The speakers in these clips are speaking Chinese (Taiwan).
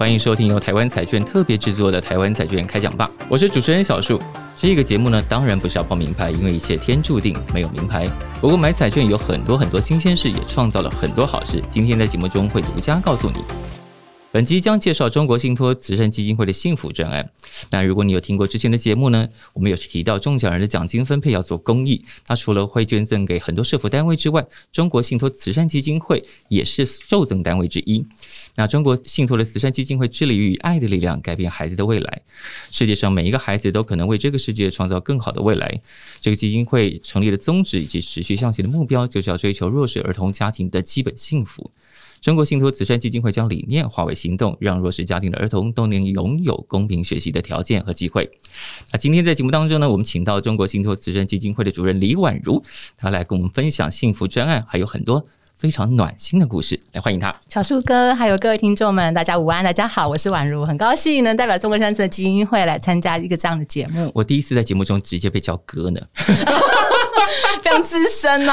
歡迎收聽由台灣彩券特別製作的《台灣彩券開講 BAR》，我是主持人小樹。這一個節目呢，當然不是要報明牌，因為一切天注定沒有明牌。不過買彩券有很多很多新鮮事，也創造了很多好事。今天在節目中會獨家告訴你。本集將介紹中國信託慈善基金會的信扶專案。那如果你有聽過之前的節目呢，我們有提到中獎人的獎金分配要做公益，它除了會捐贈給很多社福單位之外，中國信託慈善基金會也是受贈單位之一。那中國信託的慈善基金會致力於以愛的力量改變孩子的未來。世界上每一個孩子都可能為這個世界創造更好的未來。這個基金會成立的宗旨以及持續向前的目標，就是要追求弱勢兒童家庭的基本幸福。中國信託慈善基金會將理念化為行動，讓弱勢家庭的兒童都能擁有公平學習的條件和機會。那今天在節目當中呢，我們請到中國信託慈善基金會的主任李婉如，她來跟我們分享信扶專案，還有很多非常暖心的故事。來，歡迎她，小樹哥，還有各位聽眾們，大家午安，大家好，我是婉如，很高興能代表中國信託的基金會來參加一個這樣的節目。我第一次在節目中直接被叫哥呢。 自身呢？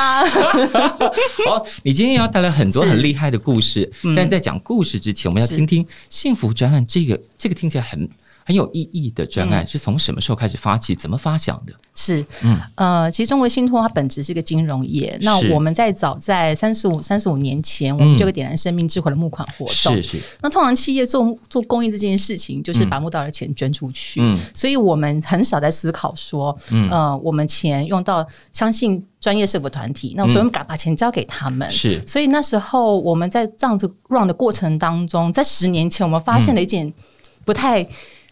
好，你今天要帶來很多很厲害的故事，但在講故事之前，嗯，我們要聽聽信扶專案這個，這個聽起來很很有意義的專案，嗯、是從什麼時候開始發起？怎麼發想的？是，嗯呃，其實中國信托它本質是一個金融業。那我們在早在三十五三十五年前，嗯，我們就有點燃生命之火的募款活動。是是。那通常企業做做公益這件事情，就是把募到的錢捐出去。嗯。所以我們很少在思考說，嗯，呃，我們錢用到相信專業社會團體。嗯，那所以我們敢把錢交給他們。是。所以那時候我們在這樣子 run 的過程當中，在十年前，我們發現了一件不太。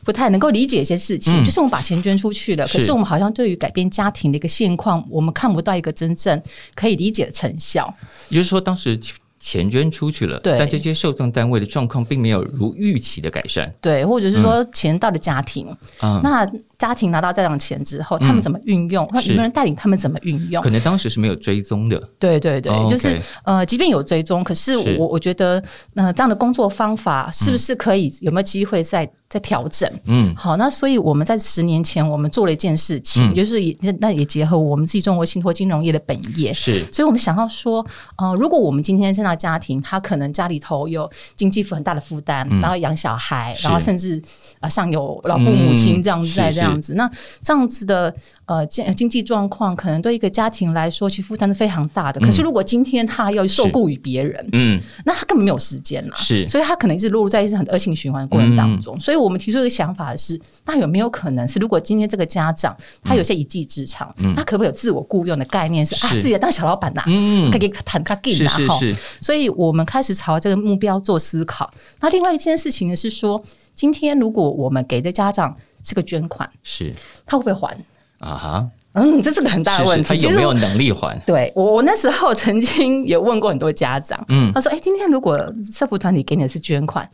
不太能夠理解一些事情，嗯，就是我們把錢捐出去了，是，可是我們好像對於改變家庭的一個現況，我們看不到一個真正可以理解的成效。也就是說，當時錢捐出去了，但這些受贈單位的狀況並沒有如預期的改善，對，或者是說錢到了家庭啊，嗯，那。嗯家庭拿到這樣的錢之後，他們怎麼運用？那、嗯、有沒有人帶領他們怎麼運用？可能當時是沒有追蹤的。對對對，oh, okay. 就是呃，即便有追蹤，可是我是我覺得，那、呃、這樣的工作方法是不是可以有沒有機會再再調、嗯、整？嗯，好，那所以我們在十年前我們做了一件事情，嗯、就是也那也結合我們自己中國信託金融業的本業，是，所以我們想要說，呃、如果我們今天現在家庭，他可能家裡頭有經濟負很大的負擔、嗯，然後養小孩，然後甚至啊像、呃、有老父母親這樣子、嗯、在這樣。這樣子，那這樣子的呃經經濟狀況，可能對一個家庭來說，其實負擔是非常大的、嗯。可是如果今天他要受僱於別人，嗯，那他根本沒有時間了，是，所以他可能一直落入在一些很惡性循環的過程當中、嗯。所以我們提出一個想法是：那有沒有可能是，如果今天這個家長他有一些一技之長、嗯嗯，他可不可以有自我僱傭的概念是？是啊，自己要當小老闆吶、啊，嗯，可以談他給他是，是，是，是所以我們開始朝這個目標做思考。那另外一件事情是說，今天如果我們給的家長。這個捐款，是他會不會還啊？哈，嗯，這是個很大的問題，是是他有沒有能力還？對我，我那時候曾經也問過很多家長，嗯，他說，哎、欸，今天如果社福團體給你的是捐款，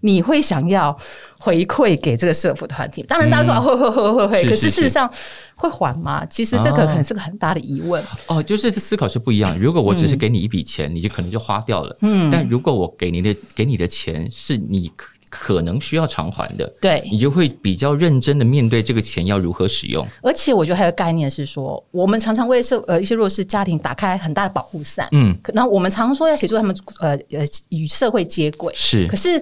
你會想要回饋給這個社福團體？當然，大家說啊，會會會會會，可是事實上會還嗎是是是？其實這個可能是個很大的疑問。啊、哦，就是思考是不一樣的。如果我只是給你一筆錢、嗯，你就可能就花掉了，嗯，但如果我給你的給你的錢是你可能需要償還的，對，你就會比較認真的面對這個錢要如何使用。而且我覺得還有概念是說，我們常常為社呃一些弱勢家庭打開很大的保護傘，嗯，那我們常說要協助他們，呃，呃，與社會接軌，是，可是。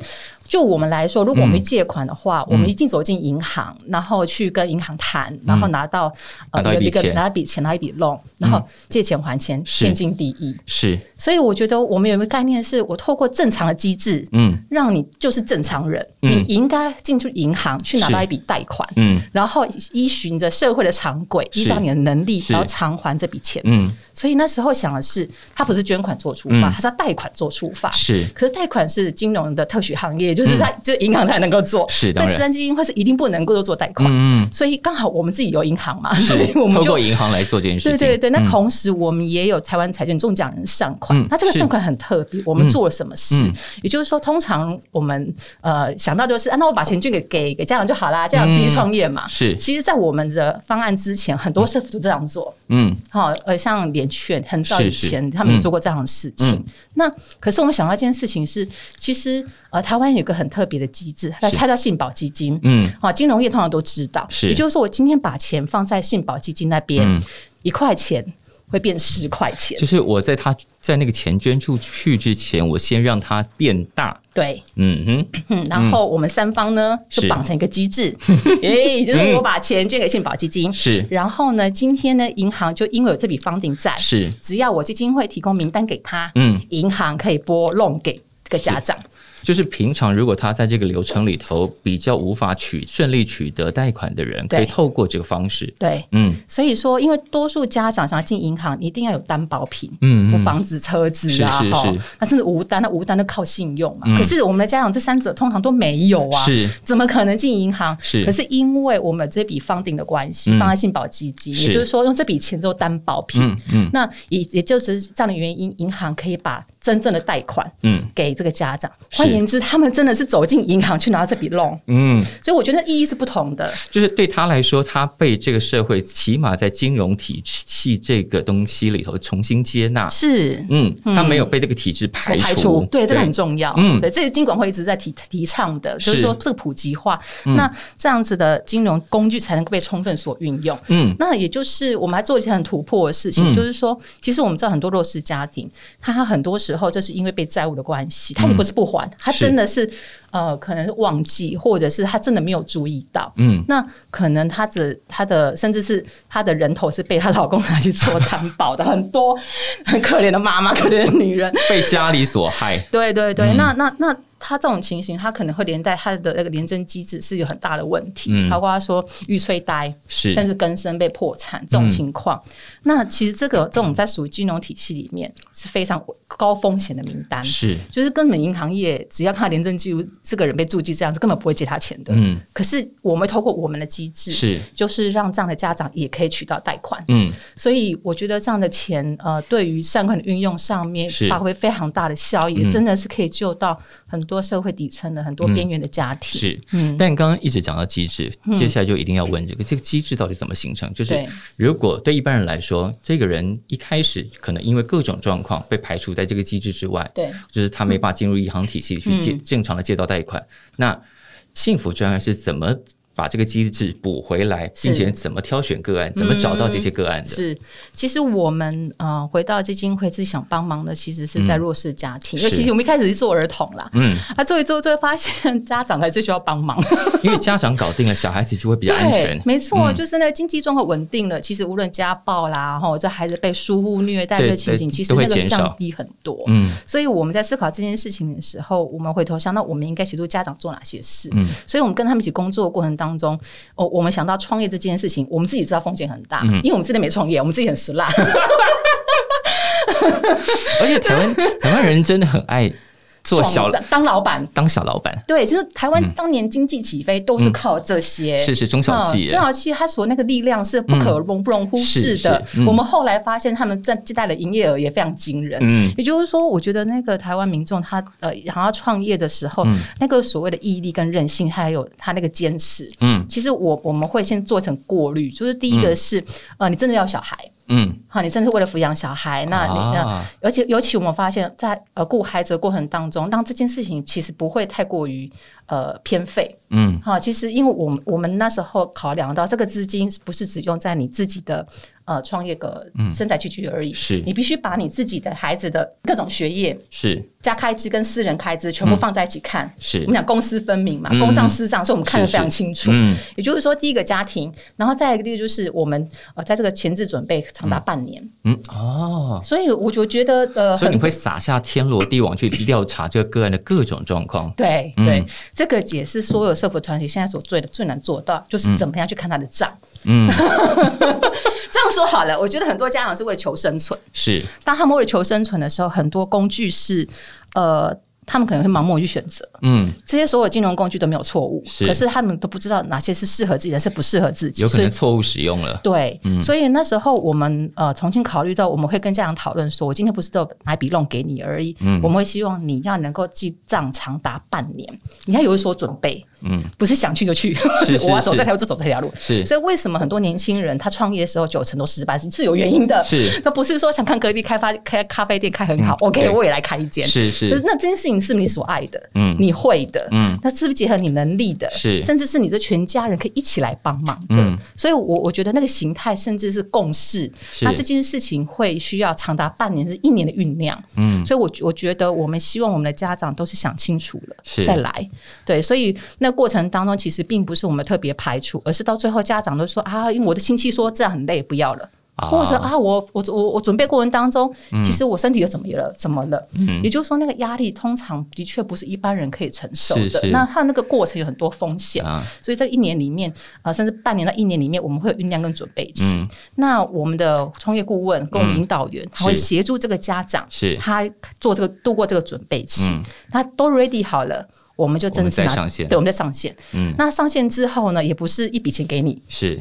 就我們來說，如果我們借款的話，嗯、我們一進走進銀行、嗯，然後去跟銀行談、嗯，然後拿到呃有一個拿一筆錢，拿一筆 loan，然後借錢還錢，天經地義。是，所以我覺得我們有一個概念是，是我透過正常的機制，嗯，讓你就是正常人，嗯、你應該進出銀行去拿到一筆貸款，嗯，然後依循着社會的常軌，依照你的能力然後償還這筆錢，嗯。所以那時候想的是，他不是捐款做出發，嗯、他是要貸款做出發，是。可是貸款是金融的特許行業。就是他，嗯、就銀行才能夠做，是的。慈善基金會是一定不能夠做貸款，嗯，所以剛好我們自己有銀行嘛，所以我們就通過銀行來做這件事情。對對對，嗯、那同時我們也有台灣彩券中獎人善款，嗯，那這個善款很特別，我們做了什麼事，嗯嗯。也就是說，通常我們呃想到就是啊，那我把錢捐給給給家長就好啦，家長自己創業嘛，嗯。是，其實，在我們的方案之前，很多師傅都這樣做，嗯，好，呃，像聯勸，很早以前他們也做過這樣的事情。嗯嗯、那可是我們想到一件事情是，其實啊、呃，台灣也。一個很特別的機制，它叫信保基金。嗯，好，金融業通常都知道。是，也就是說，我今天把錢放在信保基金那邊，嗯，一塊錢會變十塊錢。就是我在他在那個錢捐出去之前，我先讓它變大。對，嗯哼， 然後我們三方呢就綁成一個機制。哎，yeah, 就是我把錢捐給信保基金，是、嗯。然後呢，今天呢，銀行就因為有這筆 funding 在，是。只要我基金會提供名單給他，嗯，銀行可以撥弄給這個家長。就是平常，如果他在這個流程裡頭比較無法取順利取得貸款的人，可以透過這個方式。對，對，嗯，所以說，因為多數家長想要進銀行，一定要有擔保品，嗯，房子、車子啊，嗯、是，那、哦、甚至無單，那無單都靠信用嘛、嗯。可是我們的家長這三者通常都沒有啊，是，怎麼可能進銀行？是，可是因為我們這筆 funding 的關係、嗯，放在信保基金，也就是說用這筆錢做擔保品。嗯，嗯，那也也就是這樣的原因，銀行可以把。真正的貸款，嗯，給這個家長。換、嗯、言之，他們真的是走進銀行去拿這筆 loan。嗯，所以我覺得意義是不同的。就是對他來說，他被這個社會起碼在金融體系這個東西裡頭重新接納，是嗯，嗯，他沒有被這個體制排除，排除對、對、對、嗯，這個很重要，嗯，對，這是金管會一直在提提倡的，就是說這個普及化、嗯，那這樣子的金融工具才能夠被充分所運用，嗯，那也就是我們還做一些很突破的事情，嗯、就是說，其實我們知道很多弱勢家庭，他、他很多時候。後這是因為被債務的關係，她也不是不還，她、嗯、真的是呃，可能是忘記，或者是她真的沒有注意到。嗯，那可能她只，她的甚至是她的人頭是被她老公拿去做擔保的， 很多很可憐的媽媽、 可憐的女人被家裡所害。對對對，那、嗯、那那。那那他這種情形，他可能會連帶他的那個聯徵機制是有很大的問題，嗯、包括他說逾催呆，甚至更生被破產這種情況、嗯。那其實這個這種在屬於金融體系裡面是非常高風險的名單，是就是根本銀行業只要看聯徵記錄，這個人被注記這樣子，是根本不會借他錢的。嗯，可是我們透過我們的機制，是就是讓這樣的家長也可以取到貸款。嗯，所以我覺得這樣的錢，呃，對於善款的運用上面發揮非常大的效益，真的是可以救到。很多社會底層的很多邊緣的家庭、嗯、是、嗯，但剛剛一直講到機制、嗯，接下來就一定要問這個：這個機制到底怎麼形成？就是如果對一般人來說，這個人一開始可能因為各種狀況被排除在這個機制之外，對，就是他沒辦法進入銀行體系去借、嗯、正常的借到貸款，嗯、那信扶專案是怎麼？把這個機制補回來，並且怎麼挑選個案、嗯，怎麼找到這些個案的？是，其實我們呃回到基金會自己想幫忙的，其實是在弱勢家庭、嗯，因為其實我們一開始是做兒童啦，嗯，啊，做一做就會發現家長還最需要幫忙，因為家長搞定了， 小孩子就會比較安全。沒錯、嗯，就是那個經濟狀況穩定了，其實無論家暴啦，吼，這孩子被疏忽虐待的情景，其實會降低很多。嗯，所以我們在思考這件事情的時候，嗯、我們回頭想到我們應該協助家長做哪些事。嗯，所以我們跟他們一起工作過程當中。當中，我、哦、我們想到創業這件事情，我們自己知道風險很大，嗯，因為我們真的沒創業，我們自己很俗辣， 而且台灣 台灣人真的很愛。做小當老闆，當小老闆，對，其、就、實、是、台灣當年經濟起飛都是靠這些，嗯嗯、是是中小企業，中、啊、小企業它所那個力量是不可容不容忽視的。嗯是是嗯、我們後來發現，他們在接待的營業額也非常驚人。嗯，也就是說，我覺得那個台灣民眾他呃，想要創業的時候，嗯、那個所謂的毅力跟韌性，還有他那個堅持，嗯，其實我我們會先做成過濾，就是第一個是、嗯、呃，你真的要小孩？嗯，好，你真是為了撫養小孩，那你那，而且尤其，尤其我們發現，在呃，顧孩子的過程當中，那這件事情其實不會太過於呃偏廢。嗯，好，其實因為我們我們那時候考量到這個資金不是只用在你自己的。呃，創業個生財器具而已。嗯。是，你必須把你自己的孩子的各種學業是加開支跟私人開支全部放在一起看。嗯、是我們講公私分明嘛，嗯、公賬私賬，所以我們看得非常清楚。是是嗯，也就是說，第一個家庭，然後再一個就是我們呃，在這個前置準備長達半年。嗯，嗯哦，所以我就覺得呃，所以你會撒下天羅地網去調查這個個案的各種狀況。嗯。對對、嗯，這個也是所有社福團體現在所做的最難做到，就是怎麼樣去看他的賬。嗯嗯嗯， 這樣說好了。我覺得很多家長是為了求生存。是，當他們為了求生存的時候，很多工具是呃。他們可能會盲目去選擇，嗯，這些所有金融工具都沒有錯誤，是，可是他們都不知道哪些是適合自己，還是不適合自己，有可能錯誤使用了，對、嗯，所以那時候我們呃重新考慮到，我們會跟家長討論說，我今天不是都買筆弄給你而已，嗯，我們會希望你要能夠記賬長，長達半年，嗯、你要有所準備，嗯，不是想去就去，我要走這條路就走這條路，是，所以為什麼很多年輕人他創業的時候九成都失敗，是是有原因的，嗯、是，他不是說想看隔壁開發開咖啡店開很好、嗯、OK,，OK，我也來開一間，是是，那這件事情。是，是你所愛的，嗯，你會的，嗯，那是不是結合你能力的？是，甚至是你的全家人可以一起來幫忙的、嗯。所以我，我我覺得那個形態甚至是共識。那這件事情會需要長達半年至一年的醞釀。嗯，所以我我覺得我們希望我們的家長都是想清楚了再來。對，所以那個過程當中其實並不是我們特別排除，而是到最後家長都說啊，因為我的親戚說這樣很累，不要了。或者說啊，我我我我準備過程當中、嗯，其實我身體又怎麼了？怎麼了？嗯、也就是說，那個壓力通常的確不是一般人可以承受的。是是那它那個過程有很多風險、啊，所以在一年裡面啊、呃，甚至半年到一年裡面，我們會有醞釀跟準備期。嗯、那我們的創業顧問跟我們引導員、嗯、他會協助這個家長，是他做這個度過這個準備期，他、嗯、都 ready 好了。我們就正在上線，對，我們在上線。嗯，那上線之後呢，也不是一筆錢給你，是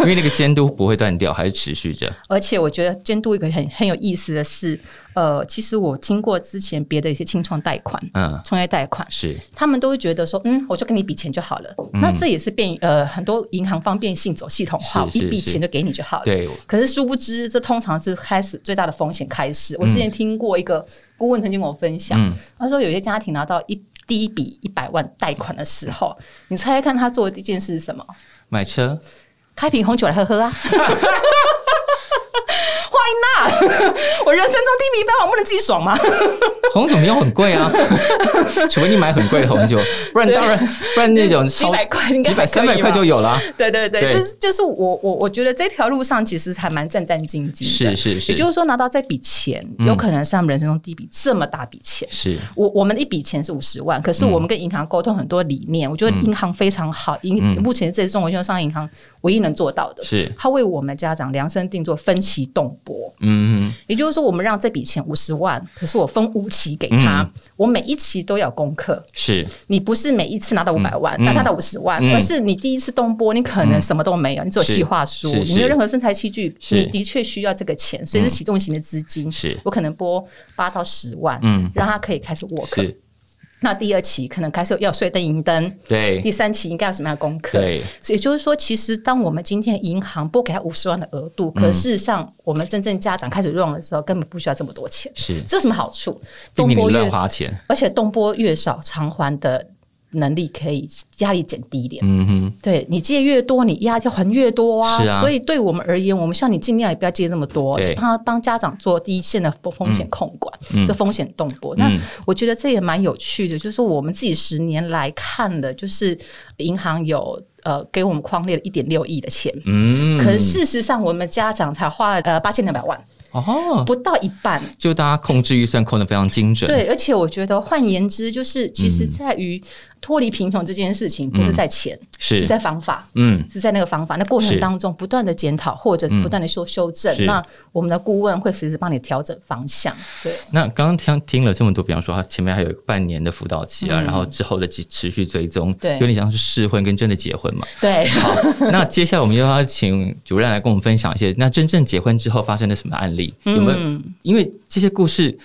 因為那個監督不會斷掉，還是持續着。 而且我覺得監督一個很很有意思的是，呃，其實我聽過之前別的一些青創貸款，嗯，創業貸款是，他們都會覺得說，嗯，我就給你一筆錢就好了。嗯。那這也是便呃很多銀行方便性走系統化，一筆錢就給你就好了。對，可是殊不知這通常是開始最大的風險開始。嗯。我之前聽過一個顧問曾經跟我分享，嗯，他說有些家庭拿到一第一筆一百萬貸款的時候，你猜猜看他做的第一件事是什麼？買車？開瓶紅酒來喝喝啊！ 我人生中第一筆一百萬我不能自己爽嗎？ 紅酒沒有很貴啊，除 非 你買很貴的紅酒，不然當然不然那種幾百塊、幾百三百塊就有了、啊。對對對，對，對，就是就是我我我覺得這條路上其實還蠻戰戰兢兢的，是是是，也就是說拿到這筆錢、嗯，有可能是他們人生中第一筆這麼大筆錢。是我我們一筆錢是五十萬，可是我們跟銀行溝通很多理念，嗯、我覺得銀行非常好，銀、嗯、目前這也中國信託商銀。唯一能做到的是，他為我們家長量身定做分期動撥，嗯嗯，也就是說，我們讓這筆錢五十萬，可是我分五期給他，嗯，我每一期都要功課。是，你不是每一次拿到五百萬，嗯、但拿到五十萬，而、嗯、是你第一次動撥，你可能什麼都沒有，嗯，你只有計劃書，是是，你沒有任何生財器具，你的確需要這個錢，所以是啟動型的資金。是，嗯，我可能撥八到十萬，嗯，讓他可以開始 work。那第二期可能開始要睡燈銀燈，對，第三期應該有什麼樣的功課？對，所以就是說，其實當我們今天銀行撥給他五十萬的額度，嗯，可是事實上我們真正家長開始用的時候，根本不需要這麼多錢，是，這有什麼好處？動撥越花錢，而且動撥越少償還的，能力可以壓力減低一點，嗯哼，對，你借越多，你壓力還越多啊，是啊，所以對我們而言，我們希望你儘量也不要借這麼多，幫他幫家長做第一線的風險控管，這、嗯嗯、風險動波。那、嗯、我覺得這也蠻有趣的，就是我們自己十年來看的，就是銀行有呃給我們匡列了一點六億的錢，嗯，可是事實上我們家長才花了呃八千兩百萬，哦，不到一半，就大家控制預算控得非常精準，對，而且我覺得換言之，就是其實在於。嗯脫離貧窮這件事情不是在錢、嗯，是在方法，嗯，是在那個方法。那過程當中不斷的檢討，或者是不斷的修修正、嗯。那我們的顧問會隨時幫你調整方向。對，那剛剛聽聽了這麼多，比方說他前面還有半年的輔導期啊、嗯，然後之後的持續追蹤，對，有點像是試婚跟真的結婚嘛。對，好， 那接下來我們又要請主任來跟我們分享一些，那真正結婚之後發生的什麼案例？有沒有？嗯、因為這些故事。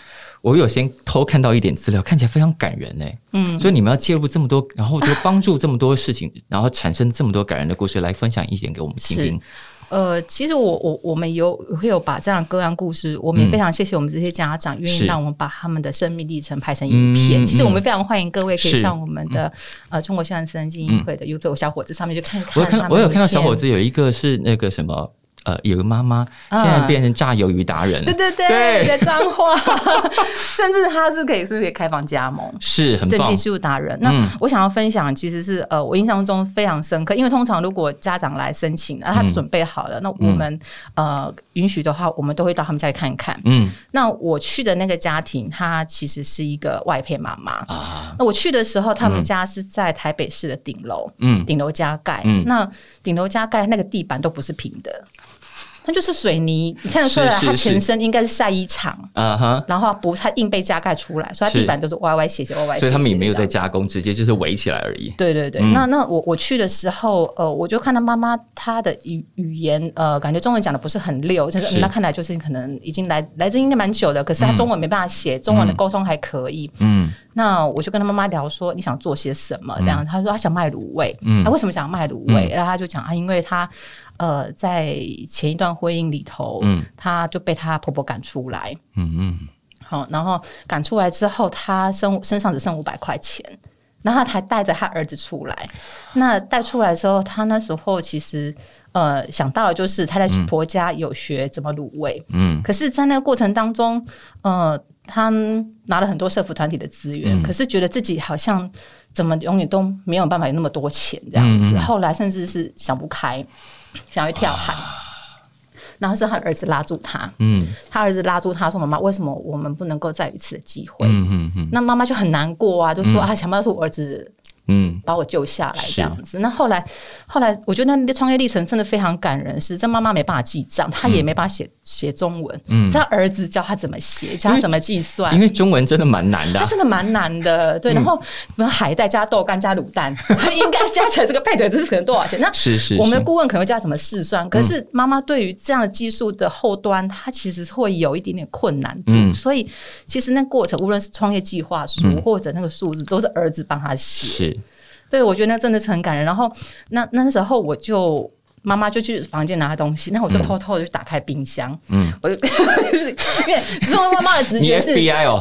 我有先偷看到一點資料，看起來非常感人呢、欸。嗯，所以你們要介入這麼多，然後就幫助這麼多事情、啊，然後產生這麼多感人的故事來分享一點給我們聽聽。呃，其實我我我們有會有把這樣的個案故事，我們也非常謝謝我們這些家長願意讓我們把他們的生命歷程拍成影片、嗯。其實我們非常歡迎各位可以上我們的、嗯、呃中國信託慈善基金會的 YouTube 小伙子上面去看看。我有看我有看到小伙子有一個是那個什麼。呃，有個媽媽現在變成炸魷魚、魚達人、嗯，對對對，對你在彰化 甚至他是可以是可以開放加盟，是很棒的廚藝達人。那我想要分享，其實是呃，我印象中非常深刻、嗯，因為通常如果家長來申請，那他準備好了，嗯、那我們、嗯、呃允許的話，我們都會到他們家去看看。嗯，那我去的那個家庭，他其實是一個外配媽媽。啊，那我去的時候，他們家是在台北市的頂樓，嗯，頂樓加蓋，嗯，嗯那頂樓加蓋那個地板都不是平的。那就是水泥，你看得出來是是是它前身應該是曬衣場啊哈，是是是然後不，它硬被加蓋出來，所、uh、以 -huh、它地板都是歪歪斜斜、歪歪斜斜所以他們也沒有在加工，直接就是圍起來而已。對對對，嗯、那那我我去的時候，呃，我就看他媽媽，她的語語言呃，感覺中文講得不是很溜，就是那、呃、看來就是可能已經來來這應該蠻久的，可是他中文沒辦法寫，嗯、中文的溝通還可以。嗯,嗯，那我就跟他媽媽聊說，你想做些什麼？這樣，他、嗯、說他想賣滷味。嗯、啊，他為什麼想賣滷味？然後他就講，他、啊、因為他。呃，在前一段婚姻裡頭，嗯，她就被她婆婆趕出來，嗯嗯，好，然後趕出來之後，她身身上只剩五百塊錢，然後她還帶着她兒子出來。那帶出來之後，她那時候其實呃想到的就是她在婆家有學怎麼滷味，嗯，可是在那個過程當中，呃，她拿了很多社福團體的資源，嗯，可是覺得自己好像怎麼永遠都沒有辦法有那麼多錢這樣子。嗯嗯，後來甚至是想不開。想要跳海，然後是他的兒子拉住他，嗯，他兒子拉住他說：“媽媽，為什麼我們不能夠再一次的機會？”嗯嗯嗯，那媽媽就很難過啊，就說啊，嗯、想不到是我兒子。嗯，把我救下來這樣子。那後來，後來我覺得那創業歷程真的非常感人。是，這媽媽沒辦法記賬，她也沒辦法寫寫、嗯、中文，嗯、是她兒子教她怎麼寫，教她怎麼計算因。因為中文真的蠻難的、啊，他真的蠻難的。對，嗯、然後比如海帶加豆干加滷蛋，嗯、應該加起來這個配的值可能多少錢？ 那是是我們的顧問可能會教她怎麼試算，是是是。可是媽媽對於這樣的技術的後端，她其實會有一點點困難，嗯、所以其實那過程，無論是創業計劃書、嗯、或者那個數字，都是兒子幫她寫。對，我覺得那真的是很感人。然後那那時候，我就媽媽就去房間拿東西，那我就偷偷地去打開冰箱。嗯，我就 因為送文媽媽的直覺是， 你哦、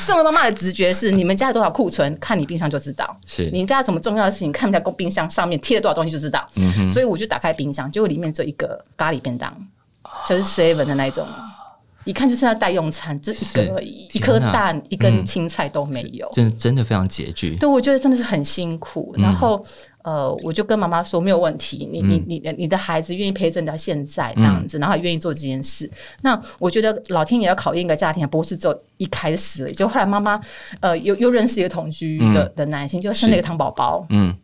送文媽，媽的直覺是，你們家有多少庫存，看你冰箱就知道。是你家有什麼重要的事情，看一下冰箱上面貼了多少東西就知道。嗯哼。所以我就打開冰箱，結果裡面只有一個咖喱便當，就是 seven 的那種。哦一看就是要代用餐，就一個一顆蛋，嗯，一根青菜都沒有，真的真的非常拮據。對，我覺得真的是很辛苦。嗯、然後呃，我就跟媽媽說，沒有問題，你，嗯、你你你的孩子願意陪着你到現在那樣子，然後也願意做這件事，嗯。那我覺得老天也要考驗一個家庭，不是只有一開始，就後來媽媽呃又又認識一個同居的，嗯、的男性，就生了一個唐寶寶。嗯，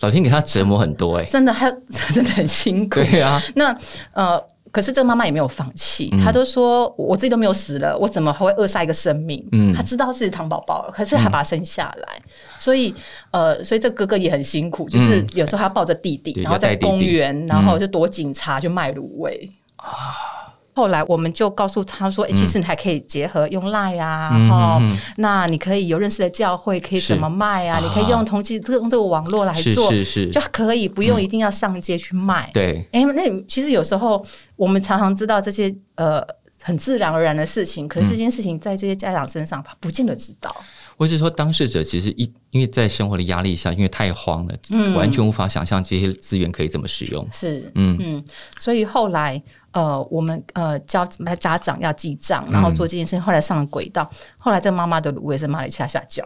老天給他折磨很多哎，欸，真的，他真的很辛苦。對啊，那呃。可是這個媽媽也沒有放棄、嗯，她都說，我自己都沒有死了，我怎麼還會扼殺一個生命、嗯？她知道自己唐寶寶了，可是還把她生下來。嗯、所以呃，所以這哥哥也很辛苦，嗯、就是有時候他要抱着弟弟，然後在公園，然後就躲警察去、嗯、賣滷味啊。後來我們就告訴他說、欸：“其實你還可以結合用 LINE 啊、嗯然後嗯嗯，那你可以有認識的教會可以怎麼賣啊？你可以用同濟這個用這個網絡來做，就可以不用一定要上街去賣。嗯、對，哎、欸，那其實有時候我們常常知道這些呃很自然而然的事情，可是這件事情在這些家長身上，他不見得知道。嗯、我是說，當事者其實一因為在生活的壓力下，因為太慌了，嗯、完全無法想象這些資源可以怎麼使用。是，嗯嗯，所以後來。”呃，我們呃教家，家長要記賬，然後做這件事，嗯，後來上了軌道，後來這媽媽的路也在媽裡下下叫，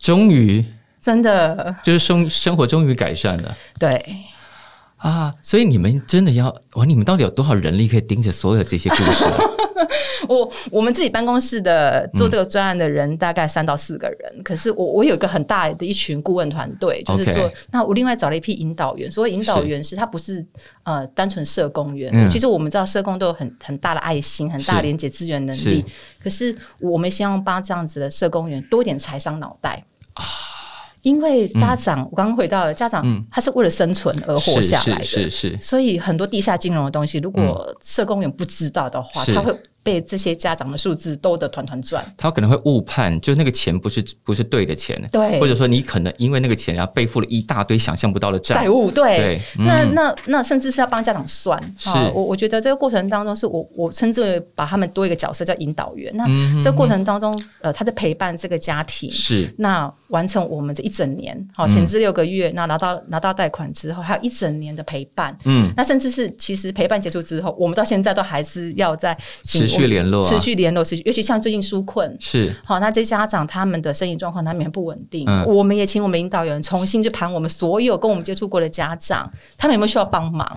終於真的就是生生活終於改善了，對啊，所以你們真的要，哇，你們到底有多少人力可以盯着所有這些故事啊？ 我我們自己辦公室的做這個專案的人大概三到四個人、嗯，可是我我有一個很大的一群顧問團隊，Okay. 就是做那我另外找了一批引導員。所謂引導員是他不是呃單純社工員、嗯，其實我們知道社工都有很很大的愛心、很大的連接資源能力，是是可是我們希望把這樣子的社工員多一點財商腦袋啊。因為家長，嗯、我剛剛回到了家長，他是為了生存而活下來的，嗯、是是是，是。所以很多地下金融的東西，如果社工員不知道的話，他、嗯、會。被這些家長的數字兜得團團轉，他可能會誤判，就那個錢不是不是對的錢，對，或者說你可能因為那個錢，然後背負了一大堆想象不到的債務，對，對嗯、那那那甚至是要幫家長算，是哦、我我覺得這個過程當中，是我我稱之為把他們多一個角色叫引導員，那這個過程當中、嗯，呃，他在陪伴這個家庭，是，那完成我們這一整年，好、哦，前置六個月，嗯、那拿到拿到貸款之後，還有一整年的陪伴，嗯，那甚至是其實陪伴結束之後，我們到現在都還是要在持續。持續聯絡，持續聯絡，持續。尤其像最近紓困，是好、哦，那這些家長他們的身體狀況難免不穩定、嗯。我們也請我們引導員重新去盤我們所有跟我們接觸過的家長，他們有沒有需要幫忙？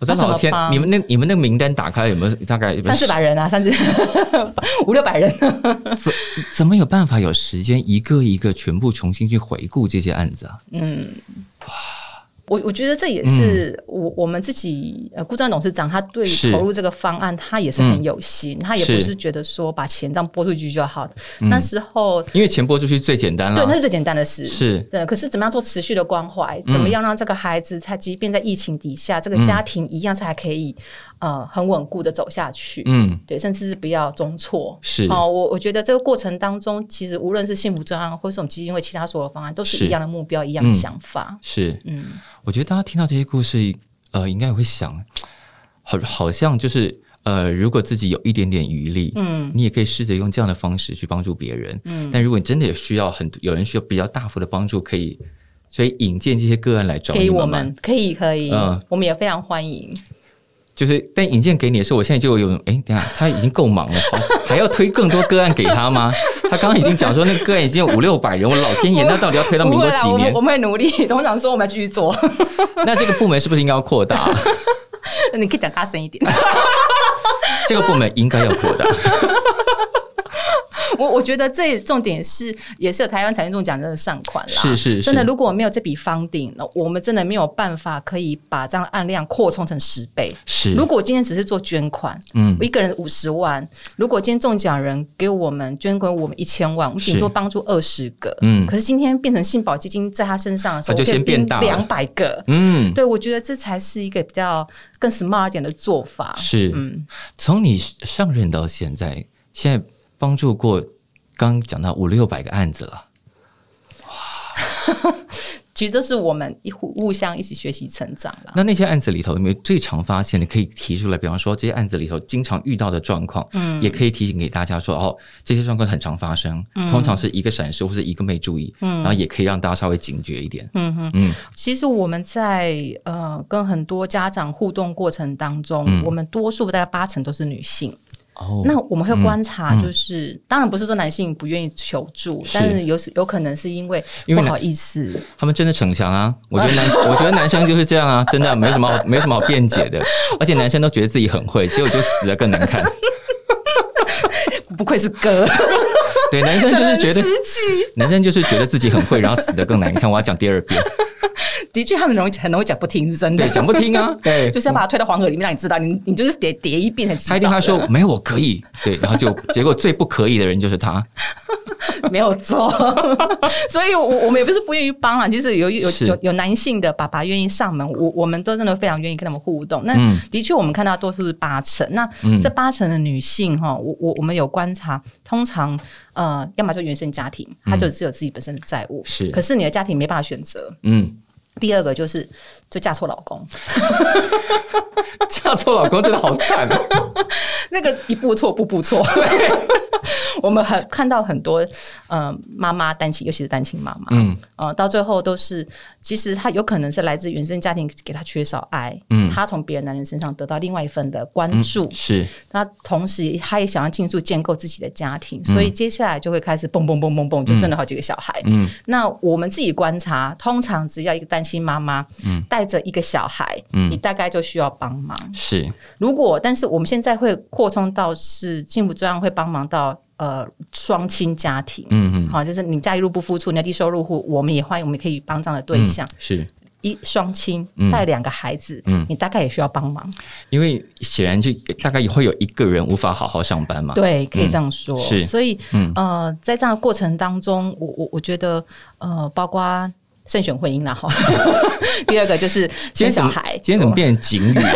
我的老天，你們那你們那個名單打開有沒有？大概有沒有三四百人啊，三四五六百人，啊 六百人啊，怎麼怎麼有辦法有時間一個一個全部重新去回顧這些案子啊？嗯。哇我我覺得這也是我我們自己呃辜仲諒董事長，他對投入這個方案，他也是很有心，他也不是覺得說把錢這樣撥出去就好。那時候，因為錢撥出去最簡單了，對，那是最簡單的事。是，對。可是怎麼樣做持續的關懷？怎麼樣讓這個孩子，他即便在疫情底下，這個家庭一樣才可以。嗯、呃，很穩固的走下去。嗯，對，甚至是不要中輟。是，哦，我我覺得這個過程當中，其實無論是信扶專案，或者我們基金會其他所有的方案，都是一樣的目標，一樣的想法、嗯。是，嗯，我覺得大家聽到這些故事，呃，應該也會想，好好像就是，呃，如果自己有一點點餘力，嗯，你也可以試着用這樣的方式去幫助別人。嗯，但如果你真的有需要很，很有人需要比較大幅的幫助，可以，所以引薦這些個案來找我們可以我們，可以，可以，嗯、呃，我們也非常歡迎。就是，但引薦給你的時候，我現在就有，哎、欸，等下他已經夠忙了，還要推更多個案給他嗎？ 他剛剛已經講說那個個案已經有五六百人，我老天爺，那到底要推到民國幾年？我們會努力，董事長說我們要繼續做。 那這個部門是不是應該要擴大？ 那你可以講大聲一點。 這個部門應該要擴大。 我我覺得這重點是，也是有台灣彩券中獎人的善款啦。是是是，真的，如果沒有這筆 funding，那我們真的沒有辦法可以把這樣案量擴充成十倍。是，如果今天只是做捐款，嗯，一個人五十萬，如果今天中獎人給我們捐款，我們一千萬，我們頂多幫助二十個。嗯，可是今天變成信扶基金在他身上的時候，他、啊、就先變大兩百個。嗯對，對我覺得這才是一個比較更 smart 一點的做法。是，嗯，從你上任到現在，現在。幫助過，剛講到五六百個案子了，哇！其實這是我們互互相一起學習成長了。那那些案子裡頭，有沒有最常發現的？可以提出來，比方說這些案子裡頭經常遇到的狀況，嗯，也可以提醒給大家說，哦，這些狀況很常發生，通常是一個閃失或者一個沒注意，嗯，然後也可以讓大家稍微警覺一點，嗯嗯。其實我們在呃跟很多家長互動過程當中，我們多數大概八成都是女性。Oh, 那我們會觀察，就是、嗯嗯、當然不是說男性不願意求助，是但是有有可能是因為不好意思，他們真的逞強啊！我覺得男 我覺得男生就是這樣啊，真的沒有什麼沒什麼好辯 解的，而且男生都覺得自己很會，結果就死得更難看。 不愧是哥， 對，男生就是覺得，男生就是覺得自己很會，然後死得更難看。我要講第二遍。的確，他們容易很容易講不聽，真的，講不聽啊， 就是要把他推到黃河裡面，讓你知道，你你就是疊疊一遍。他聽他說，沒有，我可以。對，然後就 結果最不可以的人就是他 沒有做錯， 所以我們也不是不願意幫啊，就是有有有有男性的爸爸願意上門，我我們都真的非常願意跟他們互動。那、嗯、的確，我們看到多數是八成，那、嗯、這八成的女性哈，我我我們有觀察，通常呃，要麼就原生家庭，他就只有自己本身的債務、嗯、是，可是你的家庭沒辦法選擇，嗯。第二個就是，就嫁錯老公， 嫁錯老公真的好慘哦。那個一步錯步步錯。 對， 我們很看到很多，嗯、呃，媽媽單親，尤其是單親媽媽，嗯，呃，到最後都是，其實她有可能是來自原生家庭給她缺少愛，嗯，她從別的男人身上得到另外一份的關注，嗯、是。那同時，她也想要進入建構自己的家庭、嗯，所以接下來就會開始蹦蹦蹦蹦蹦、蹦，就生了好幾個小孩嗯，嗯。那我們自己觀察，通常只要一個單親。親媽媽，嗯，帶着一個小孩，嗯，你大概就需要幫忙。是，如果但是我們現在會擴充到是，信扶這樣會幫忙到呃雙親家庭，嗯嗯，好、啊，就是你家裡入不敷出，你要低收入戶，我們也歡迎，我們可以幫這樣的對象，嗯、是一雙親帶兩個孩子，嗯，你大概也需要幫忙，因為顯然就大概會有一個人無法好好上班嘛，對，可以這樣說，嗯、是，所以，嗯呃，在這樣的過程當中，我我我覺得，呃，包括。慎選婚姻啦、啊，好。 第二個就是生小孩，今天怎麼變警語了？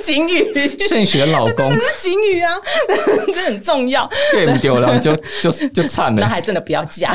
警 語，慎選老公。不是警語啊， 這很重要。game 丟 了就就就慘了。那還真的不要嫁，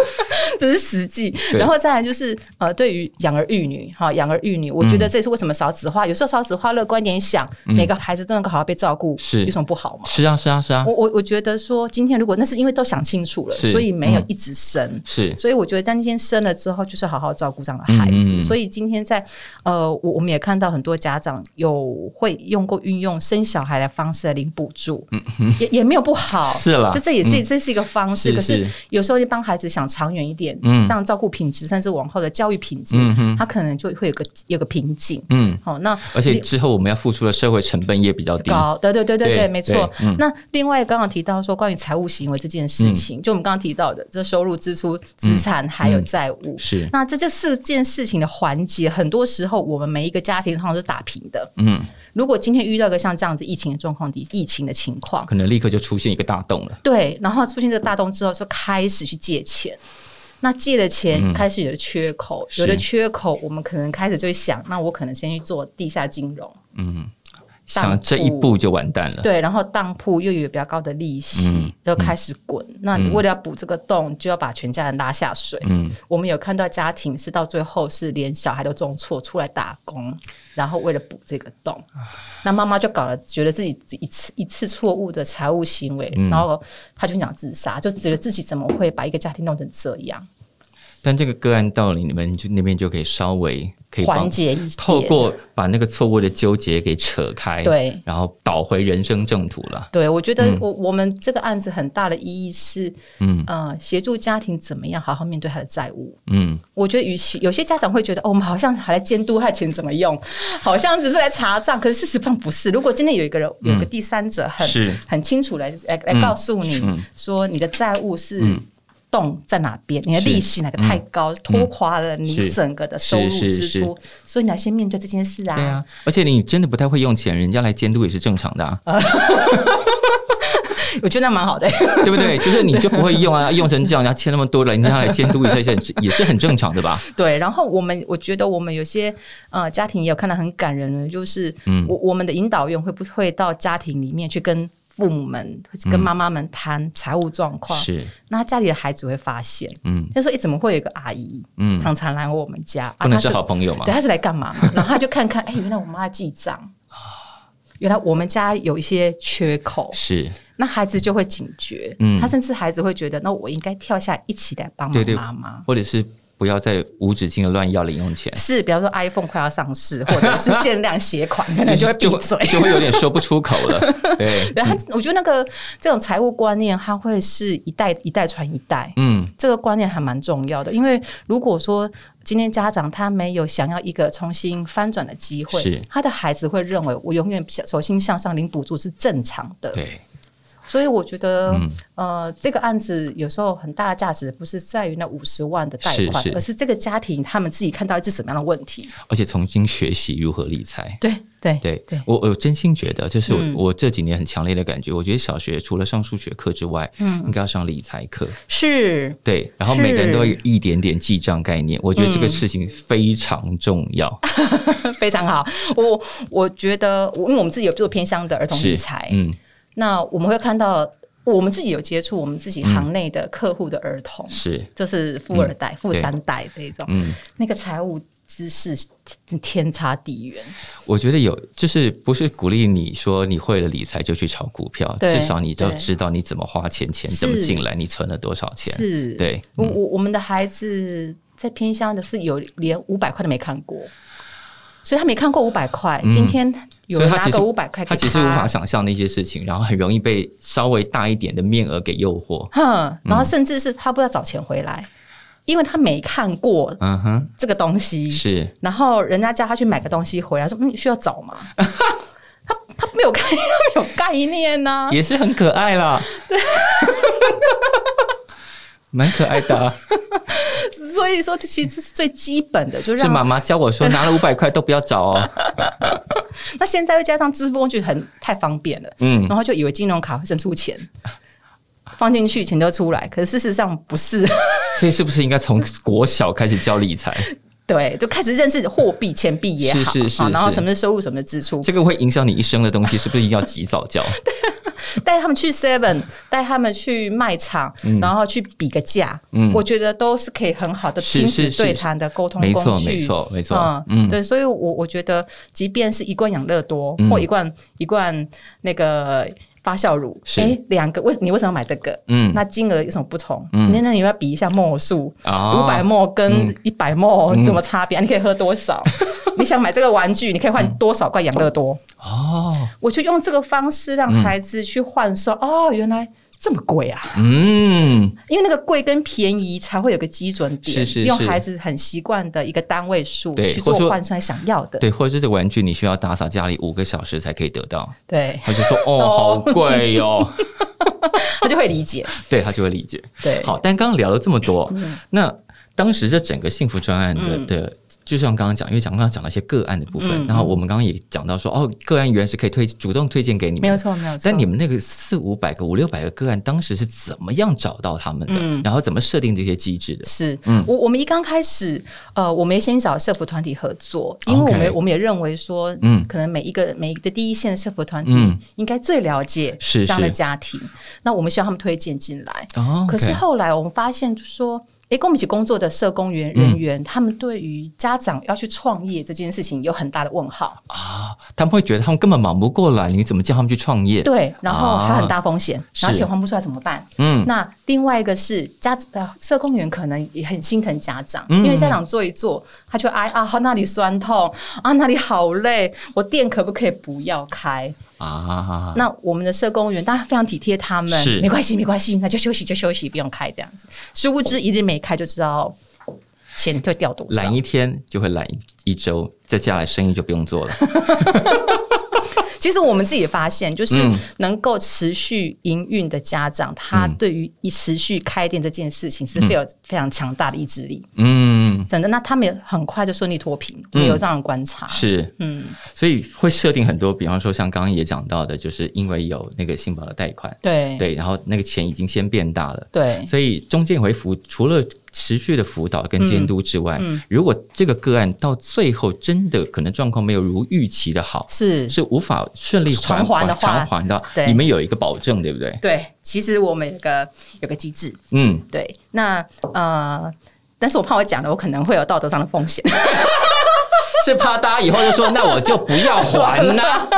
這是實際。然後再來就是呃，對於養兒育女哈，養兒育女，我覺得這是為什麼少子化、嗯？有時候少子化，樂、那個、觀點想、嗯，每個孩子都能夠好好被照顧，是有什麼不好嗎？是啊，是啊，是啊。我我我覺得說，今天如果那是因為都想清楚了，所以沒有一直生。是、嗯，所以我覺得張今天生了之後就是好。好好照顧這樣的孩子，嗯、所以今天在呃，我我們也看到很多家長有會用過運用生小孩的方式來領補助，嗯嗯、也也沒有不好，是啦，這這也是、嗯、這是一個方式，是是。可是有時候你幫孩子想長遠一點，嗯、這樣照顧品質，甚至往後的教育品質，嗯、他可能就會有個有個瓶頸，嗯，好、哦，那而且之後我們要付出的社會成本也比較低高，對對對對對，對沒錯對、嗯。那另外剛剛提到說關於財務行為這件事情，嗯、就我們剛剛提到的這收入、支出、嗯、資產還有債務，嗯、是那。在這四件事情的環節，很多時候我們每一個家庭通常是打平的。嗯，如果今天遇到一個像這樣子疫情的狀況，疫情的情況，可能立刻就出現一個大洞了。對，然後出現這個大洞之後，就開始去借錢。那借的錢開始有了缺口，嗯、有了缺口，我們可能開始就會想，那我可能先去做地下金融。嗯。想這一步就完蛋了，對，然後當鋪又有比較高的利息，又、嗯、開始滾、嗯。那你為了要補這個洞、嗯，就要把全家人拉下水。嗯，我們有看到家庭是到最後是連小孩都中輟出來打工，然後為了補這個洞，那媽媽就搞了覺得自己一次一次錯誤的財務行為、嗯，然後她就想自殺，就覺得自己怎麼會把一個家庭弄成這樣。但這個個案道理，你們就那邊就可以稍微可以緩解一點，透過把那個錯誤的糾結給扯開，對，然後導回人生正途了。對，我覺得我我們這個案子很大的意義是，嗯嗯，呃、協助家庭怎麼樣好好面對他的債務。嗯，我覺得，與其有些家長會覺得，哦，我們好像還來監督他的錢怎麼用，好像只是來查賬，可是事實上不是。如果今天有一個人，有個第三者很、嗯、是很清楚來來來告訴你，說你的債務是，嗯是嗯洞在哪邊？你的利息哪個太高，嗯，拖垮了你整個的收入支出，所以你要先面對這件事啊！對啊，而且你真的不太會用錢，人家來監督也是正常的啊。 我覺得那蠻好的，欸，對不對，對？就是你就不會用啊， 用成這樣，人家欠那麼多了，人家來監督一下一下，也是很正常的吧？對。然後我們，我覺得我們有些呃家庭也有看到很感人的，就是，嗯、我我們的引導員會不會到家庭裡面去跟。父母們跟媽媽們談財務狀況，嗯，是那家裡的孩子會發現，嗯，就是，說哎，怎麼會有個阿姨，嗯，常常來我們家，嗯啊，不能是好朋友嗎？對，她是來幹嘛？ 然後他就看看，哎、欸，原來我媽記賬，原來我們家有一些缺口，是那孩子就會警覺，嗯，他甚至孩子會覺得，那我應該跳下來一起來幫忙媽媽，或者是。不要再無止境的亂要零用錢，是比方說 iPhone 快要上市，或者是限量鞋款，可 能就會閉嘴，就會有點說不出口了。 對，然、嗯、後我覺得那個這種財務觀念，它會是一代一代傳一代，嗯，這個觀念還蠻重要的，因為如果說今天家長他沒有想要一個重新翻轉的機會是，他的孩子會認為我永遠手心向上領補助是正常的，對。所以我覺得、嗯，呃，這個案子有時候很大的價值不是在於那五十萬的貸款是是，而是這個家庭他們自己看到的是什麼樣的問題，而且重新學習如何理財。對對對對，我我真心覺得，就是我、嗯、我這幾年很強烈的感覺，我覺得小學除了上數學課之外，嗯，應該要上理財課。是，對，然後每個人都有一點點記賬概念，我覺得這個事情非常重要。嗯、 非常好，我我覺得，因為我們自己有做偏向的兒童理財，嗯。那我們會看到，我們自己有接觸我們自己行內的客戶的兒童，是、嗯、就是富二代、嗯、富三代這種，嗯，那個財務知識天差地遠。我覺得有就是不是鼓勵你說你會了理財就去炒股票，至少你得知道你怎麼花錢，錢怎麼進來，你存了多少錢。是對、嗯、我我我們的孩子在偏鄉的，是有連五百塊都沒看過，所以他沒看過五百塊，嗯，今天，有所以他只是他其實無法想象那些事情，然後很容易被稍微大一點的面額給誘惑，嗯，然後甚至是他不要找錢回來，因為他沒看過，嗯哼，這個東西是，然後人家叫他去買個東西回來，說嗯需要找嗎？ 他他沒有概念，他沒有概念吶，啊。也是很可愛啦。 對 蠻可愛的、啊， 所以說其實這是最基本的，就讓是媽媽教我說拿了五百塊都不要找哦。 那現在又加上支付工具很太方便了，嗯，然後就以為金融卡會生出錢，放進去錢就出來，可是事實上不是。 所以是不是應該從國小開始教理財？ 對，就開始認識貨幣、錢幣也好， 是，是是是，然後什麼是收入，什麼是支出，這個會影響你一生的東西，是不是一定要及早教？ 帶他們去 Seven，帶他們去賣場、嗯，然後去比個價、嗯。我覺得都是可以很好的親子對談的溝通工具，是是是是。沒錯，沒錯，沒錯。嗯，嗯對，所以我我覺得，即便是一罐養樂多、嗯、或一罐一罐那個發酵乳，哎，兩個為你為什麼要買這個？嗯，那金額有什麼不同？那、嗯、那你要比一下毫升數，五百毫升跟一百毫升怎麼差別、嗯嗯？你可以喝多少？ 你想買這個玩具，你可以換多少罐養樂多、嗯、哦？我就用這個方式讓孩子去換算、嗯，哦，原來這麼貴啊！嗯，因為那個貴跟便宜才會有個基準點，是是是，用孩子很習慣的一個單位數去做換算，想要的對，或者是這個玩具你需要打掃家裡五個小時才可以得到，對，他就說哦，好貴喲、哦， 他就會理解，對他就會理解，對，好。但剛剛聊了這麼多，嗯、那當時這整個信扶專案的的。嗯就像剛剛講，因為講剛剛講了一些個案的部分，嗯、然後我們剛剛也講到說，嗯、哦，個案員是可以推主動推薦給你們，沒有錯，沒有錯。但你們那個四五百個、五六百個個案，當時是怎麼樣找到他們的？嗯、然後怎麼設定這些機制的？是，嗯、我我們一剛開始，呃，我們也先找社福團體合作，因為我們 okay, 我們也認為說，嗯，可能每一個每一個第一線的社福團體、嗯、應該最了解是這樣的家庭是是，那我們希望他們推薦進來，哦、oh, okay，可是後來我們發現就說。誒、欸，跟我們一起工作的社工員人員，嗯、他們對於家長要去創業這件事情有很大的問號啊！他們會覺得他們根本忙不過來，你怎麼叫他們去創業？對，然後還有很大風險、啊，然後錢還不出來怎麼辦？嗯，那另外一個是家、呃、社工員可能也很心疼家長，嗯、因為家長坐一坐，他就哎啊，那裡痠痛啊，那裡好累，我店可不可以不要開？啊，那我們的社工員當然非常體貼他們，沒關係，沒關係，那就休息就休息，不用開這樣子。殊不知，一日沒開就知道錢就掉多少，懶一天就會懶一周，再下來生意就不用做了。 其實我們自己也發現，就是能夠持續營運的家長，嗯、他對於持續開店這件事情是會有非常強大的意志力。嗯，真的，那他們也很快就順利脫貧，會、嗯、有這樣的觀察。是，嗯，所以會設定很多，比方說像剛剛也講到的，就是因為有那個信保的貸款，對對，然後那個錢已經先變大了，對，所以中間回服除了。持續的輔導跟監督之外，嗯嗯，如果這個個案到最後真的可能狀況沒有如預期的好，是是無法順利償還，還的，償還的，你們有一個保證對，對不對？對，其實我們有個有個機製，嗯，對，那呃，但是我怕我講了，我可能會有道德上的風險。 是怕大家以後就說，那我就不要還吶、啊、 完了笑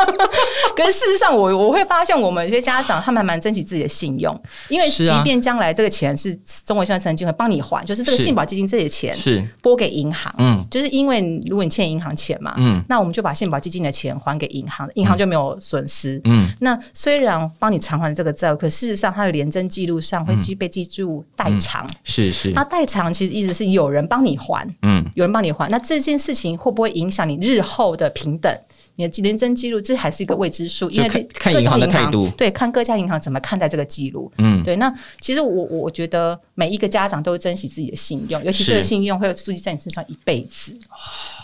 可是事實上我，我我會發現，我們有些家長，他們還蠻珍惜自己的信用，因為即便將來這個錢是中國信託慈善基金會幫你還，就是這個信保基金這些錢是撥給銀行，就是因為如果你欠銀行錢嘛、嗯,那我們就把信保基金的錢還給銀行，銀行就沒有損失、嗯嗯。那雖然幫你償還這個債務，可事實上它的聯徵記錄上會記被記住代償、嗯嗯。是是，那代償其實意思是有人幫你還。嗯、有人幫你還，那這件事情會不會影響你日後的平等？你的聯徵記錄，這還是一個未知數，因為看銀行的態度，對，看各家銀行怎麼看待這個記錄。嗯，對，那其實我，我覺得每一個家長都會珍惜自己的信用，尤其這個信用會有數據在你身上一輩子。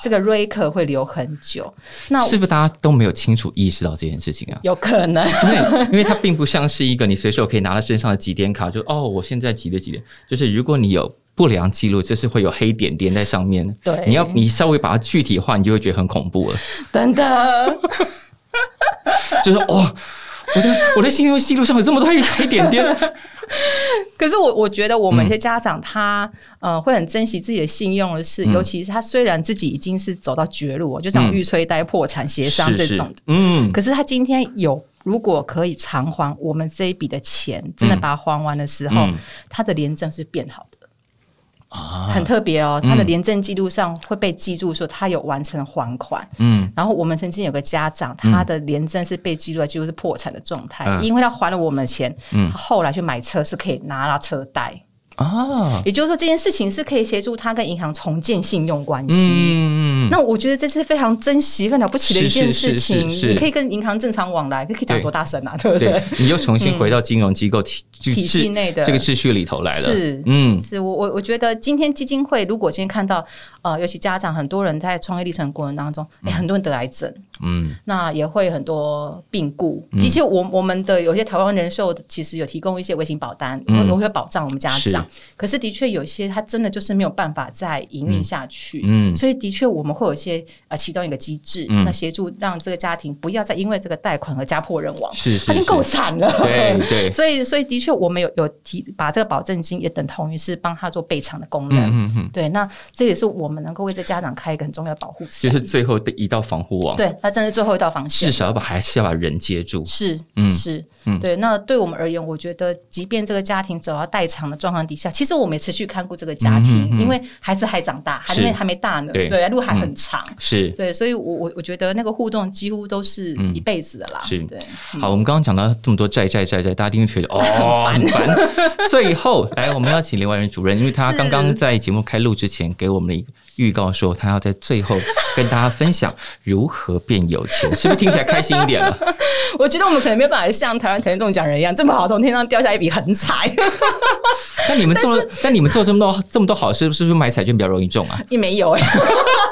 這個瑞克會留很久，那是不是大家都沒有清楚意識到這件事情啊？有可能， 對，因為它並不像是一個你隨手可以拿到身上的幾點卡，就哦，我現在幾點幾點，就是如果你有。不良記錄就是會有黑點點在上面。對，你要你稍微把它具體化，你就會覺得很恐怖了。等等， 就是哦，我的我的信用記錄上有這麼多黑黑點點。 可是我我覺得我們一些家長他、嗯、呃會很珍惜自己的信用的是，嗯、尤其是他雖然自己已經是走到絕路、喔嗯，就像逾催呆破產協、嗯、商這種是是嗯。可是他今天有如果可以償還我們這一筆的錢，真的把它還完的時候，嗯嗯、他的聯徵是變好的。很特別哦、嗯，他的聯徵記錄上會被記住，說他有完成還款。嗯，然後我們曾經有個家長，嗯、他的聯徵是被記錄就是破產的狀態、嗯，因為他還了我們的錢、嗯，他後來去買車是可以拿了車貸。啊，也就是說這件事情是可以協助他跟銀行重建信用關係。嗯，那我覺得這是非常珍惜、非常了不起的一件事情。你可以跟銀行正常往來，可以講多大聲啊！對，對不對？對，你又重新回到金融機構體、嗯、體系內的這個秩序裡頭來了。是，嗯，是我我我覺得今天基金會如果今天看到，呃，尤其家長，很多人在創業歷程過程當中，哎、欸，很多人得癌症，嗯，那也會很多病故。其、嗯、實我們我們的有些台灣人壽其實有提供一些微型保單，我們會保障我們家長、嗯。可是的確有一些，他真的就是沒有辦法再營運下去，嗯，嗯，所以的確我們會有一些啊，啟、呃、動一個機制，嗯、那協助讓這個家庭不要再因為這個貸款而家破人亡，是，是，是他就夠慘了，是是是對對，所以所以的確我們有有提把這個保證金也等同於是幫他做備償的功能，嗯，嗯，嗯對，那這也是我們能夠為這家長開一個很重要的保護，其、就是最後的一道防護網，對，那真的最後一道防線，至少要把還是要把人接住，是嗯是嗯對，那對我們而言，我覺得即便這個家庭走到代償的狀況底。其實我沒持續看過這個家庭，嗯嗯，因為孩子還長大，還沒還沒大呢對，對，路還很長，嗯、是對，所以我我我覺得那個互動幾乎都是一輩子的啦、嗯。是，對，好，嗯、我們剛剛講到這麼多債債債債，大家聽就覺得哦 很煩。最後來，我們邀請另外一位主任，因為他剛剛在節目開錄之前給我們一個。預告說，他要在最後跟大家分享如何變有錢，是不是聽起來開心一點了？我覺得我們可能沒有辦法像台灣台中中獎人一樣，這麼好從天上掉下一筆橫財。那 你們做，了，那你們做這麼多這麼多好事，是不是買彩券比較容易中啊？你沒有哎、欸。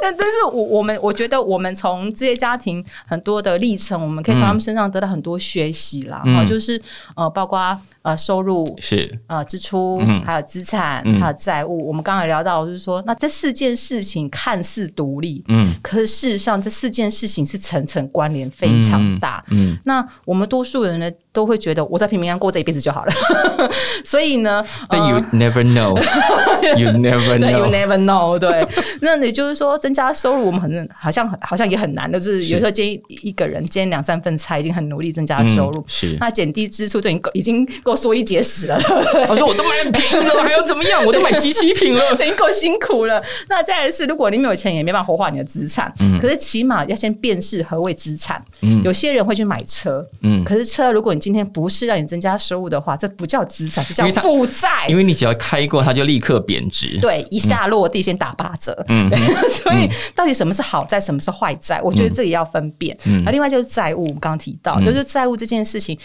但但是我，我我們我覺得，我們從這些家庭很多的歷程，我們可以從他們身上得到很多學習啦。哈、嗯哦，就是呃，包括呃，收入是啊、呃，支出、嗯、還有資產還有債務、嗯。我們剛剛也聊到，就是說，那這四件事情看似獨立，嗯，可是事實上，這四件事情是層層關聯，非常大嗯。嗯，那我們多數人的。都會覺得我在平平安過這一輩子就好了， 所以呢，但 you never know，you never know you never know，對，那也就是說，增加收入，我們很好像好像也很難，就是有時候建議一個人建議兩三份菜已經很努力增加收入，嗯、是，那減低支出就已經夠已經夠縮衣節食了。 我說我都買很便宜了， 還要怎麼樣？我都買即期品了，已經夠辛苦了。那再來是，如果你沒有錢，也沒辦法活化你的資產、嗯。可是起碼要先辨識何為資產、嗯。有些人會去買車。嗯、可是車如果你。今天不是讓你增加收入的話，這不叫資產，叫負債。因為你只要開過，它就立刻貶值。對，一下落地先打八折。嗯，對，嗯，所以到底什麼是好債、嗯，什麼是壞債？我覺得這也要分辨。啊、嗯，另外就是債務，我們剛剛提到，嗯、就是債務這件事情，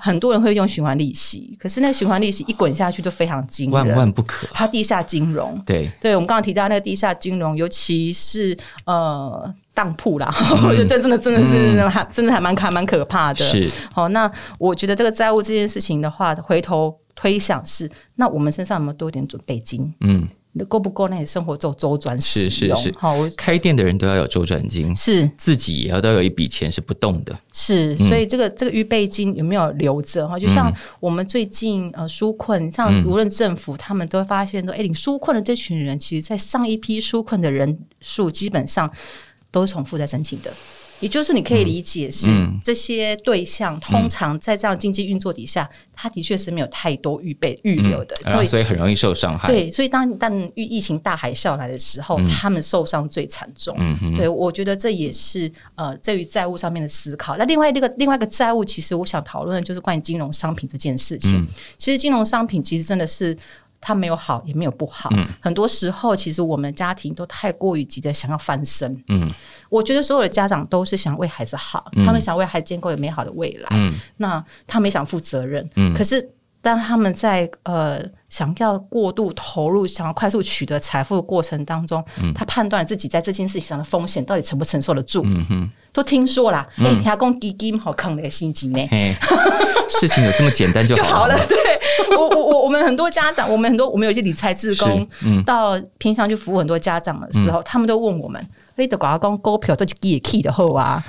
很多人會用循環利息、嗯，可是那個循環利息一滾下去就非常驚人，萬萬不可。它地下金融，嗯、對對，我們剛剛提到那個地下金融，尤其是呃。當鋪啦，我覺得這真的真的是還真的還蠻、嗯、還蠻可怕的。是，好，那我覺得這個債務這件事情的話，回頭推想是，那我們身上有沒有多點準備金？嗯，夠不夠那些生活做周轉？是是是。好我，開店的人都要有周轉金，是自己也都要都有一筆錢是不動的。是，嗯、所以這個這個預備金有沒有留着？哈，就像我們最近呃紓困，像無論政府、嗯、他們都發現說，哎、欸，你紓困的這群人，其實，在上一批紓困的人數基本上。都是重複在申請的，也就是你可以理解是這些對象、嗯嗯、通常在這樣經濟運作底下，他、嗯、的確是沒有太多預備預留的、嗯啊，所以很容易受傷害。對，所以當，當疫情大海嘯來的時候，嗯、他們受傷最慘重。嗯、對我覺得這也是呃，在於債務上面的思考。那另外那個另外一個債務，其實我想討論的就是關於金融商品這件事情、嗯。其實金融商品其實真的是。他沒有好，也沒有不好。嗯、很多時候，其實我們家庭都太過於急着想要翻身。嗯，我覺得所有的家長都是想為孩子好，嗯、他們想為孩子建構一個美好的未來。嗯，那他們也想負責任。嗯，可是當他們在呃、想要過度投入，想要快速取得財富的過程當中，嗯、他判斷自己在這件事情上的風險到底承不承受得住。嗯哼，都聽說啦，哎、嗯，打工低基金好坑的陷阱呢。 事情有這麼簡單就好了。好了對我我我我們很多家長， 我們很多我們有一些理財志工、嗯，到平常去服務很多家長的時候，嗯、他們都問我們，哎、嗯，打工股票都解 key 的後啊。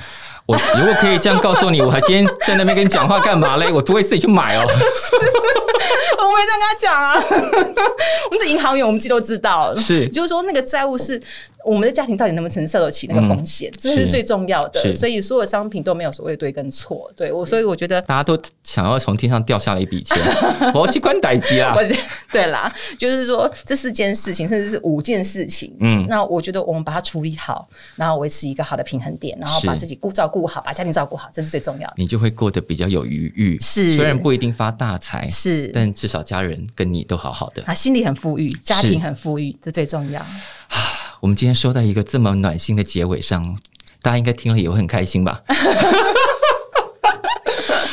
我如果可以這樣告訴你， 我還今天在那邊跟你講話幹嘛嘞？我不會自己去買哦 我沒這樣跟他講啊。 我們的銀行員，我們自己都知道。是，就是說那個債務是。我們的家庭到底能不能承受得起那個風險？這、嗯、是最重要的。所以所有商品都沒有所謂的對跟錯。對我、嗯，所以我覺得大家都想要從天上掉下來一筆錢，我要機關傣雞啊！對啦， 就是說這是四件事情，甚至是五件事情。嗯，那我覺得我們把它處理好，然後維持一個好的平衡點，然後把自己顧照顧好，把家庭照顧好，這是最重要的。你就會過得比較有餘裕。是，雖然不一定發大財，是，但至少家人跟你都好好的啊，他心裡很富裕，家庭很富裕，這最重要。我們今天收到一個這麼暖心的結尾上，大家應該聽了也會很開心吧？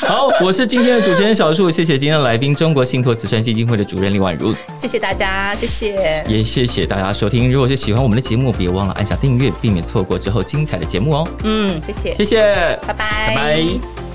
好，我是今天的主持人小樹，謝謝今天的來賓中國信託慈善基金會的主任李婉如，謝謝大家，謝謝，也謝謝大家收聽。如果是喜歡我們的節目，別忘了按下訂閱，避免錯過之後精彩的節目哦。嗯，謝謝，謝謝，拜拜，拜拜。